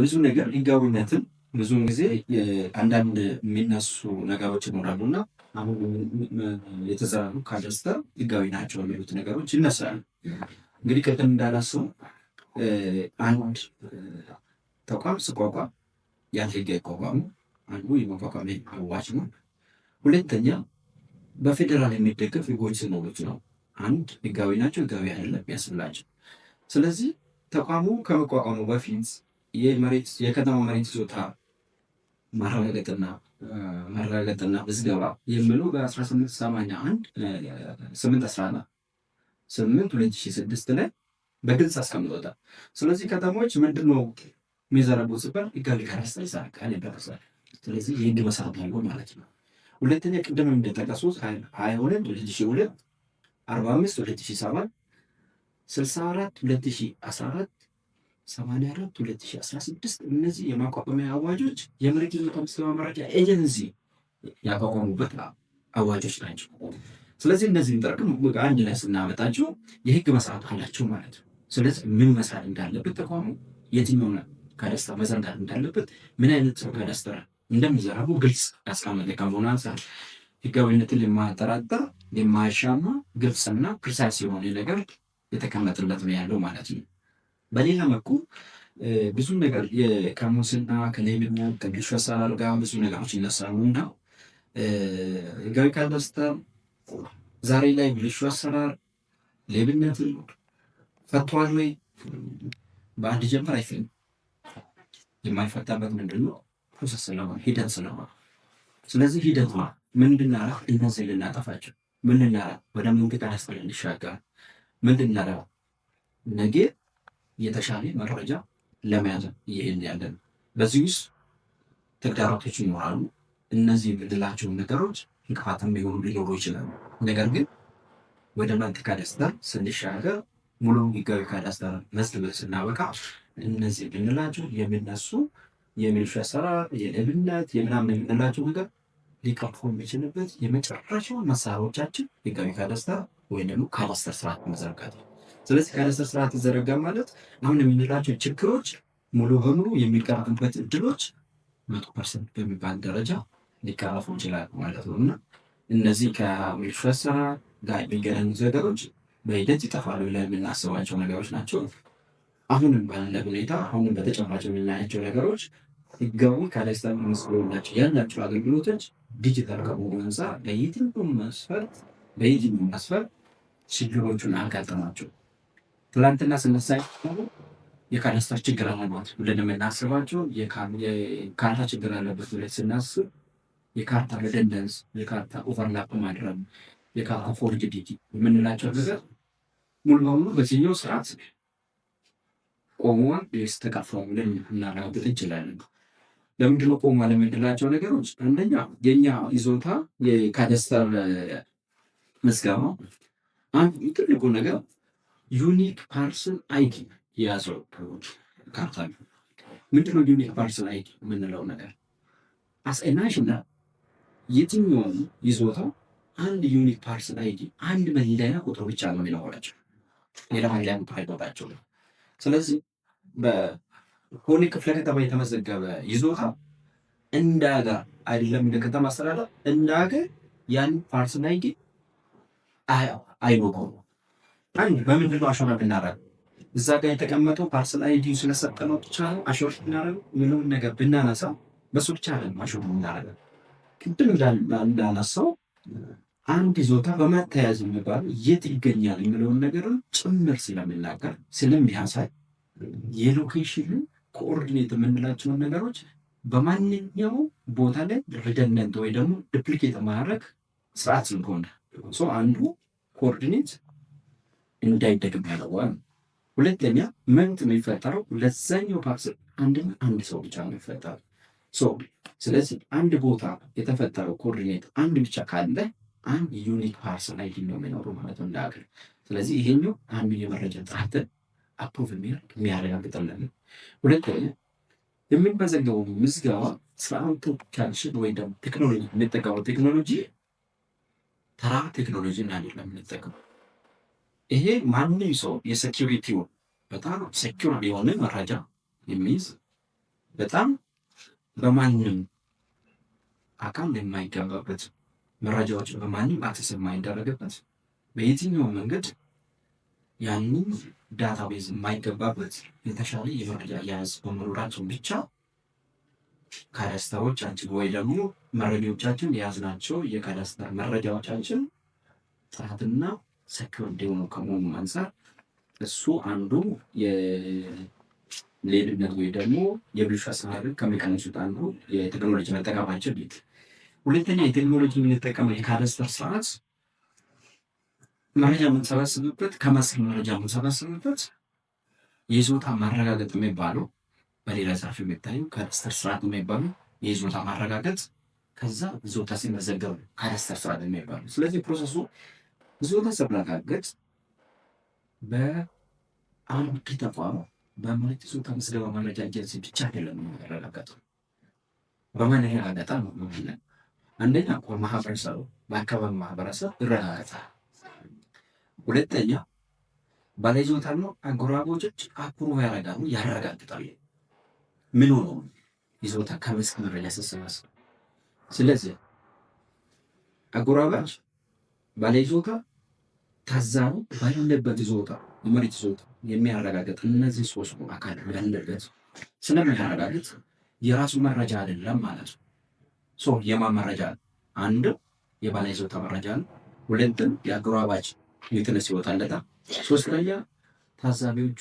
ለብዙ ነገር ህጋዊነትን ብዙውን ጊዜ አንዳንድ የሚነሱ ነገሮች ይኖራሉ እና አሁን የተዘራሩ ካደስተ ህጋዊ ናቸው የሚሉት ነገሮች ይነሳሉ። እንግዲህ ቅድም እንዳላስቡ አንድ ተቋም ስቋቋም ያን ህግ አይቋቋሙ። አንዱ የመቋቋሚ አዋጅ ነው። ሁለተኛ በፌዴራል የሚደገፍ ህጎች ስኖሮች ነው አንድ ህጋዊ ናቸው ህጋዊ አይደለም ያስብላቸው። ስለዚህ ተቋሙ ከመቋቋሙ በፊት የመሬት የከተማ መሬት ይዞታ ማረጋገጥና መረጋገጥና ምዝገባ የሚሉ በ1881 814 8 2006 ላይ በግልጽ አስቀምጦታል። ስለዚህ ከተሞች ምንድን ነው የሚዘረቡት ሲባል ህጋዊ ከራስታይ ሳካል ይደረሳል። ስለዚህ የህግ መሰረት ያለው ማለት ነው። ሁለተኛ ቅድም እንደጠቀሱት ሀያ ሁለት ሁለት ሺ ሁለት አርባ አምስት ሁለት ሺ ሰባት ስልሳ አራት ሁለት ሺ አስራ አራት 84 2016 እነዚህ የማቋቋሚያ አዋጆች የመሬት ይዞታ ምዝገባ መረጃ ኤጀንሲ ያቋቋሙበት አዋጆች ናቸው። ስለዚህ እነዚህን ጠርቅም አንድ ላይ ስናመጣቸው የህግ መሰረት አላቸው ማለት ነው። ስለዚህ ምን መስራት እንዳለበት ተቋሙ የትኛውን ካዳስተር መዘርጋት እንዳለበት ምን አይነት ሰው ካዳስተር እንደሚዘረቡ ግልጽ ያስቀመጠ ከመሆኑ አንጻር ህጋዊነትን የማያጠራጥር የማያሻማ ግልጽና ፕሪሳይስ የሆነ ነገር የተቀመጠለት ነው ያለው ማለት ነው። በሌላ መልኩ ብዙ ነገር ከሙስና ከሌብና ከብልሹ አሰራር ጋር ብዙ ነገሮች ይነሳሉ እና ህጋዊ ካዳስተር ዛሬ ላይ ብልሹ አሰራር ሌብነት ፈቷል ወይ? በአንድ ጀምር አይፈኝም። የማይፈታበት ምንድነው? ፕሮሰስ ስለሆነ ሂደት ስለሆነ ስለዚህ ሂደት ነው። ምን እንድናረግ እነዚህ ልናጠፋቸው ምን ልናረግ ወደ መንገድ አያስጠለን ይሻጋል ምን እንድናረግ ነጌ የተሻለ መረጃ ለመያዝ እየሄድን ያለ ነው። በዚህ ውስጥ ተግዳሮቶች ይኖራሉ። እነዚህ የምንላቸውን ነገሮች እንቅፋትም ሊሆኑ ሊኖሩ ይችላሉ። ነገር ግን ወደ መልክ ካዳስተር ስንሻገር ሙሉ ህጋዊ ካዳስተር መዝግበን ስናበቃ እነዚህ የምንላቸው የሚነሱ የሚልሽ አሰራር የእብነት የምናምን የምንላቸው ነገር ሊቀርፉ የሚችልበት የመጨረሻውን መሳሪያዎቻችን ህጋዊ ካዳስተር ወይም ደግሞ ካዳስተር ስርዓት መዘርጋት ነው። ስለዚህ ከነሰር ስርዓት ይዘረጋ ማለት አሁን የምንላቸው ችግሮች ሙሉ በሙሉ የሚቀረፉበት እድሎች መቶ ፐርሰንት በሚባል ደረጃ ሊቀረፉ ይችላል ማለት ነው እና እነዚህ ከሚሹ ስራ ጋር የሚገናኙ ነገሮች በሂደት ይጠፋሉ ብለን የምናስባቸው ነገሮች ናቸው። አሁንም ባለ ሁኔታ አሁንም በተጨማጭ የምናያቸው ነገሮች ህጋዊ ካለስታን መስሎላቸው ያላቸው አገልግሎቶች ዲጂታል ከመሆኑ አንፃር በየትኛውም መስፈርት በየትኛውም መስፈርት ችግሮቹን አጋጠማቸው። ትላንትና ስነሳይ የካላስታች ችግር አለባት ብለን የምናስባቸው የካርታ ችግር አለበት ብለን ስናስብ የካርታ ረደንደንስ፣ የካርታ ኦቨርላፕ ማድረግ፣ የካርታ ፎርጅዲቲ የምንላቸው ነገር ሙሉ በሙሉ በዚህኛው ስርዓት ቆመዋል ወይስ ተቀርፈዋል ብለን እናረጋግጥ እንችላለን። ለምንድነው ቆመዋል የምንላቸው ነገሮች አንደኛ የኛ ይዞታ የካደስተር ምዝገባ አንድ ትልቁ ነገር ዩኒክ ፓርሰል አይዲ የያዘው ካርታ ምንድነው ዩኒክ ፓርሰል አይዲ የምንለው ነገር? አስናሽና የትኛውም ይዞታው አንድ ዩኒክ ፓርሰል አይዲ አንድ መለያ ቁጥር ብቻ ነው የሚኖራቸው፣ ሌላ መለያ ቁጥር አይኖራቸው። ስለዚህ በሆነ ክፍለ ከተማ የተመዘገበ ይዞታ እንደ ሀገር አይደለም እንደ ከተማ አስተዳደር እንደ ሀገር ያን ፓርሰል አይዲ ነው አንድ በምንድን ነው አሸራ ብናረግ እዛ ጋር የተቀመጠው ፓርሰል አይዲ ስለሰጠ ነው ብቻ አሾር ብናረግ ምንም ነገር ብናነሳ በሱ ብቻ አለ አሾር ብናረግ ቅድም እንዳነሳው አንድ ይዞታ በማተያዝ የሚባል የት ይገኛል የሚለውን ነገር ጭምር ስለሚናገር ስለሚያሳይ የሎኬሽን ኮኦርዲኔት የምንላቸውን ነገሮች በማንኛው ቦታ ላይ ሪደንደንት ወይ ደግሞ ዱፕሊኬት ማድረግ ስርዓት ስለሆነ አንዱ ኮኦርዲኔት እንዳይደግም ያደርገዋል። ሁለተኛ መንት የሚፈጠረው ለዛኛው ፓርስ አንድና አንድ ሰው ብቻ ነው የሚፈጠረው። ስለዚህ አንድ ቦታ የተፈጠረው ኮርዲኔት አንድ ብቻ ካለ አንድ ዩኒክ ፓርስ ላይ ነው የሚኖሩ ማለት ነው እንደ ሀገር። ስለዚህ ይሄኛው አንዱ የመረጃ ጥራትን አፕሮቭ የሚያደርግ የሚያረጋግጥልን። ሁለተኛ የምንመዘገበው ምዝገባ ስርዓቱ ካልሽን ወይ ደግሞ ቴክኖሎጂ የምንጠቀመው ቴክኖሎጂ ተራ ቴክኖሎጂ እና አይደለም የምንጠቀመው ይሄ ማንም ሰው የሴኪሪቲውን በጣም ሴኪር የሆነ መረጃ የሚይዝ በጣም በማንም አካል የማይገባበት መረጃዎች በማንም አክሰስ የማይደረግበት በየትኛው መንገድ ያንን ዳታቤዝ የማይገባበት የተሻለ የመረጃ አያያዝ በመኖራቸው ብቻ ካዳስተሮቻችን ወይ ደግሞ መረጃዎቻችን የያዝናቸው የካዳስተር መረጃዎቻችን ጥራትና ሰኪውርድ የሆኑ ከመሆኑ አንጻር እሱ አንዱ የሌድነት ወይ ደግሞ የብልሹ አሰራር ከሚቀንሱት አንዱ የቴክኖሎጂ መጠቀማቸው ቤት። ሁለተኛ የቴክኖሎጂ የምንጠቀመው የካለስተር ስርዓት መረጃ የምንሰባስብበት ከመስል መረጃ የምንሰባስብበት የይዞታ ማረጋገጥ የሚባለው በሌላ ዘርፍ የሚታዩ ካለስተር ስርዓት የሚባሉ የይዞታ ማረጋገጥ ከዛ ይዞታ ሲመዘገብ ካለስተር ስርዓት የሚባሉ ስለዚህ ፕሮሰሱ ብዙ ተሰብላታገድ በአንድ ተቋም በመሬት ይዞታ ምዝገባ መረጃ ኤጀንሲ ብቻ አይደለም የሚረጋገጠው። በምን ያህል አገጣ አንደኛ ማህበረሰቡ በአካባቢ ማህበረሰብ ይረጋገጣል። ሁለተኛ ባለይዞታ ነው አጎራቦቾች አፕሩቭ ያረጋሉ ያረጋግጣሉ። ምን ሆኖ ይዞታ ከመስክ መረጃ ስስመስ ስለዚህ አጎራባች ባለይዞታ ከዛ ነው ባለበት ይዞታ የመሬት ይዞታ የሚያረጋግጥ እነዚህ ሶስቱ አካል ያለበት ስለሚያረጋግጥ የራሱ መረጃ አይደለም ማለት ነው። የማን መረጃ? አንድ የባለ ይዞታ መረጃ ነው። ሁለትም የአጎራባች ዊትነስ ይወጣ አለታ። ሶስተኛ ታዛቢዎቹ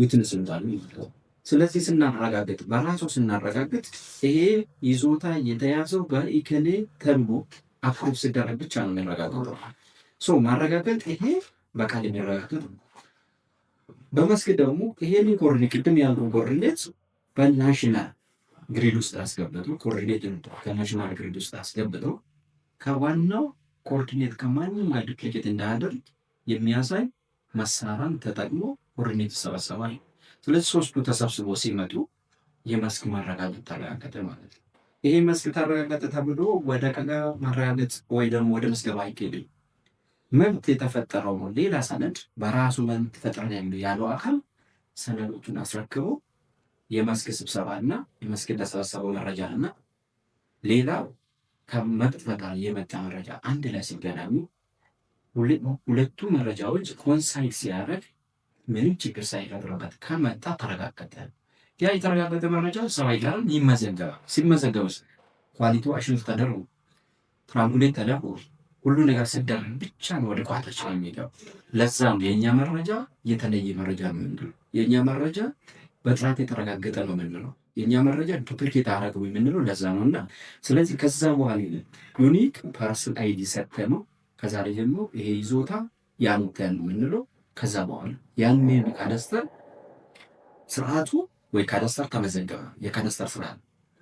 ዊትነስ ይወጣሉ ስለዚህ ስናረጋግጥ በራሱ ስናረጋግጥ ይሄ ይዞታ የተያዘው በኢከሌ ተንቦ አፕሮቭ ሲደረግ ብቻ ነው የሚረጋግጠው። ሶ ማረጋገጥ ይሄ በቃል የሚያረጋግጥ ነው። በመስክ ደግሞ ይሄንን ኮርኔት ቅድም ያሉ ኮርኔት በናሽናል ግሪድ ውስጥ አስገብቶ ኮርኔት ከናሽናል ግሪድ ውስጥ አስገብቶ ከዋናው ኮርዲኔት ከማንም ጋር ዱፕሊኬት እንዳያደርግ የሚያሳይ መሳራን ተጠቅሞ ኮርዲኔት ይሰበሰባል። ስለዚህ ሶስቱ ተሰብስቦ ሲመጡ የመስክ ማረጋገጥ ተረጋገጠ ማለት ነው። ይሄ መስክ ተረጋገጠ ተብሎ ወደ ቀጋ ማረጋገጥ ወይ ደግሞ ወደ ምዝገባ አይገልም። መብት የተፈጠረው ነው። ሌላ ሰነድ በራሱ መብት ፈጥረን ያለው አካል ሰነዶቹን አስረክቦ የመስክ ስብሰባ እና የመስክ እንደሰበሰበው መረጃ እና ሌላ ከመብት ፈጣሪ የመጣ መረጃ አንድ ላይ ሲገናኙ ሁለቱ መረጃዎች ኮንሳይድ ሲያደርግ ምንም ችግር ሳይፈጥርበት ከመጣ ተረጋገጠ። ያ የተረጋገጠ መረጃ ሰባ አይቀርም ይመዘገባል። ሲመዘገብስ ኳሊቲ አሽንፍ ተደርጎ ትራንጉሌት ተደርጎ ሁሉ ነገር ስደር ብቻ ነው ወደ ቋታች ነው የሚገባው። ለዛም የእኛ መረጃ የተለየ መረጃ ነው የምንለው። የእኛ መረጃ በጥናት የተረጋገጠ ነው የምንለው። የእኛ መረጃ ዱፕሊኬት አረገው የምንለው ለዛ ነው። እና ስለዚህ ከዛ በኋላ ዩኒክ ፐርሰን አይዲ ሰጥተ ነው ከዛሬ ጀምሮ ይሄ ይዞታ ያንተ ነው የምንለው። ከዛ በኋላ ያንን ካደስተር ስርዓቱ ወይ ካዳስተር ተመዘገበ የካዳስተር ስርዓት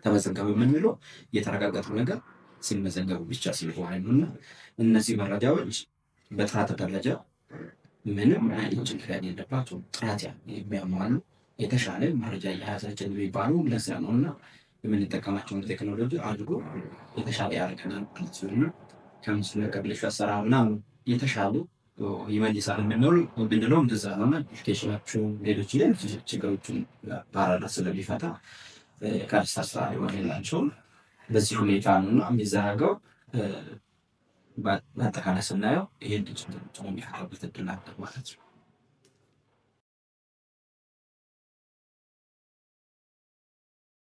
ተመዘገበ የምንለው የተረጋገጠው ነገር ሲመዘገቡ ብቻ ሲሆኑና እነዚህ መረጃዎች በጥራት ደረጃ ምንም አይነት ችግር የለባቸው ጥራት የሚያሟሉ የተሻለ መረጃ የያዛችን የሚባሉ ለዚያ ነው እና የምንጠቀማቸውን ቴክኖሎጂ አድጎ የተሻለ ያደርገናል ማለት ሲሆና ከምስሉ ቀብልሽ አሰራር ምናምን የተሻሉ ይመልሳል የምንሉ ብንለው እንደዛ ነውና ኢዱኬሽናቸው ሌሎች ችግሮችን ባራዳ ስለሚፈታ ከአዲስ አሰራር የሆነላቸውን በዚህ ሁኔታ ነው የሚዘረገው። በአጠቃላይ ስናየው ይሄ ድርጅት የሚያቀርበት እድል አለ ማለት ነው።